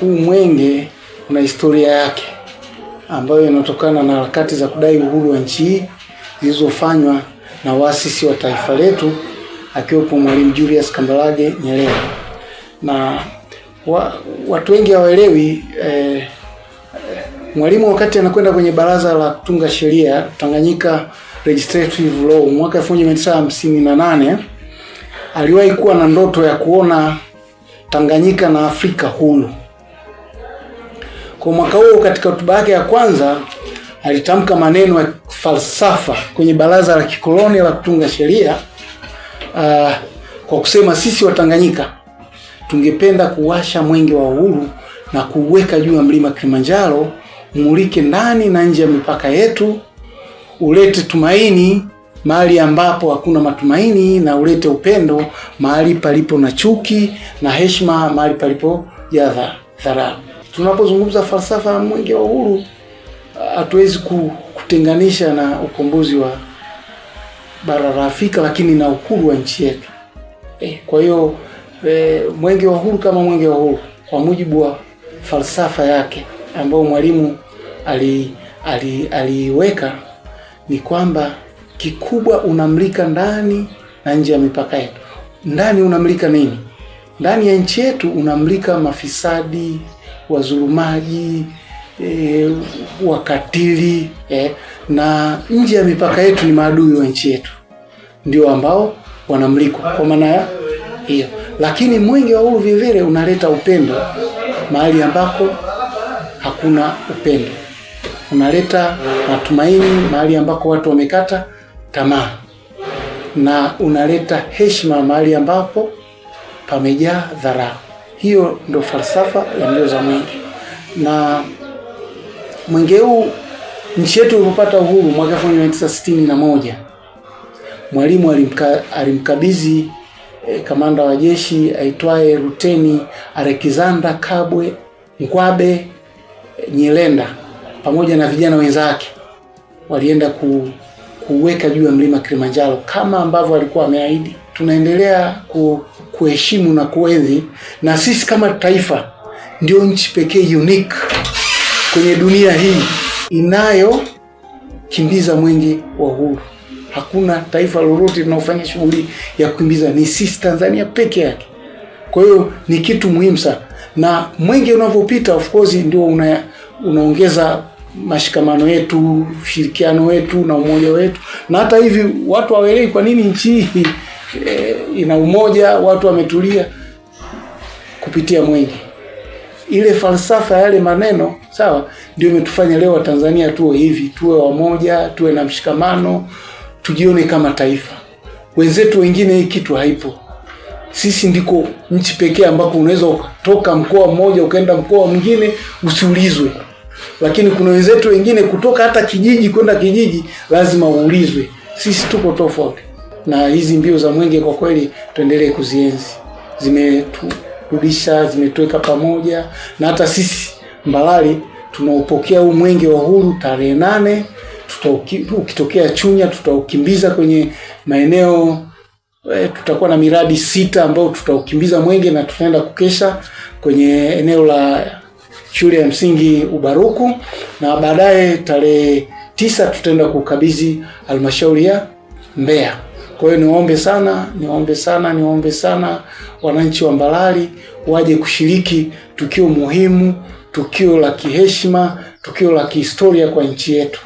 huu mwenge una historia yake ambayo inatokana na harakati za kudai uhuru wa nchi hii zilizofanywa na waasisi wa taifa letu akiwepo Mwalimu Julius Kambarage Nyerere. Na wa, watu wengi hawaelewi eh, Mwalimu wakati anakwenda kwenye baraza la kutunga sheria Tanganyika Legislative Law mwaka 1958 aliwahi kuwa na ndoto ya kuona Tanganyika na Afrika huru. Kwa mwaka huo, katika hotuba yake ya kwanza alitamka maneno ya falsafa kwenye baraza la kikoloni la kutunga sheria uh, kwa kusema sisi Watanganyika tungependa kuwasha mwenge wa uhuru na kuuweka juu ya mlima Kilimanjaro, umulike ndani na nje ya mipaka yetu, ulete tumaini mahali ambapo hakuna matumaini, na ulete upendo mahali palipo na chuki, na heshima mahali palipo ya dharau tunapozungumza falsafa ya mwenge wa uhuru hatuwezi kutenganisha na ukombozi wa bara la Afrika, lakini na uhuru wa nchi yetu eh. Kwa hiyo eh, mwenge wa uhuru kama mwenge wa uhuru kwa mujibu wa falsafa yake ambayo Mwalimu ali aliiweka ni kwamba kikubwa unamlika ndani na nje ya mipaka yetu. Ndani unamlika nini? Ndani ya nchi yetu unamlika mafisadi, wazulumaji e, wakatili e, na nje ya mipaka yetu ni maadui wa nchi yetu, ndio ambao wanamlikwa kwa maana ya hiyo. Lakini mwingi wa uhuru vivile unaleta upendo mahali ambako hakuna upendo, unaleta matumaini mahali ambako watu wamekata tamaa, na unaleta heshima mahali ambapo pamejaa dharau. Hiyo ndo falsafa ya mbio za mwenge, na mwenge huu nchi yetu ilipopata uhuru mwaka 1961 Mwalimu alimka, alimkabidhi eh, kamanda wa jeshi aitwaye Luteni Alexander Kabwe Mkwabe eh, Nyelenda pamoja na vijana wenzake walienda ku, kuweka juu ya mlima Kilimanjaro kama ambavyo alikuwa ameahidi tunaendelea ku, kuheshimu na kuenzi, na sisi kama taifa ndio nchi pekee unique kwenye dunia hii inayokimbiza mwenge wa uhuru. Hakuna taifa lolote linalofanya shughuli ya kukimbiza, ni sisi Tanzania peke yake. Kwa hiyo ni kitu muhimu sana, na mwenge unavyopita of course ndio una, unaongeza mashikamano yetu, ushirikiano wetu na umoja wetu, na hata hivi watu hawaelewi kwa nini nchi hii e, ina umoja, watu wametulia kupitia mwenge. Ile falsafa yale maneno sawa, ndio imetufanya leo Watanzania tuwe hivi, tuwe wamoja, tuwe na mshikamano, tujione kama taifa. Wenzetu wengine hii kitu haipo. Sisi ndiko nchi pekee ambako unaweza kutoka mkoa mmoja ukaenda mkoa mwingine usiulizwe, lakini kuna wenzetu wengine kutoka hata kijiji kwenda kijiji lazima uulizwe. Sisi tuko tofauti na hizi mbio za mwenge kwa kweli tuendelee kuzienzi, zimeturudisha, zimetuweka pamoja, na hata sisi Mbalali tunaupokea huu mwenge wa uhuru tarehe nane ukitokea Chunya tutaukimbiza kwenye maeneo e, tutakuwa na miradi sita ambayo tutaukimbiza mwenge na tutaenda kukesha kwenye eneo la shule ya msingi Ubaruku, na baadaye tarehe tisa tutaenda kukabidhi halmashauri ya Mbeya. Kwa hiyo niombe sana, niwaombe sana, niombe sana wananchi wa Mbalali waje kushiriki tukio muhimu, tukio la kiheshima, tukio la kihistoria kwa nchi yetu.